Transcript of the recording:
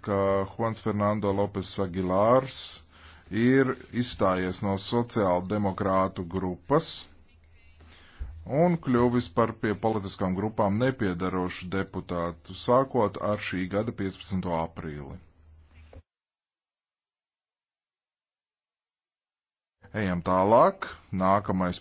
ka Juans Fernando Lopes Aguilārs ir izstājies no sociāla demokrātu grupas un kļuvis par pie politiskām grupām nepiedarošu deputātu, sākot ar šī gada 15. aprīli. Ejam tālāk. Nākamais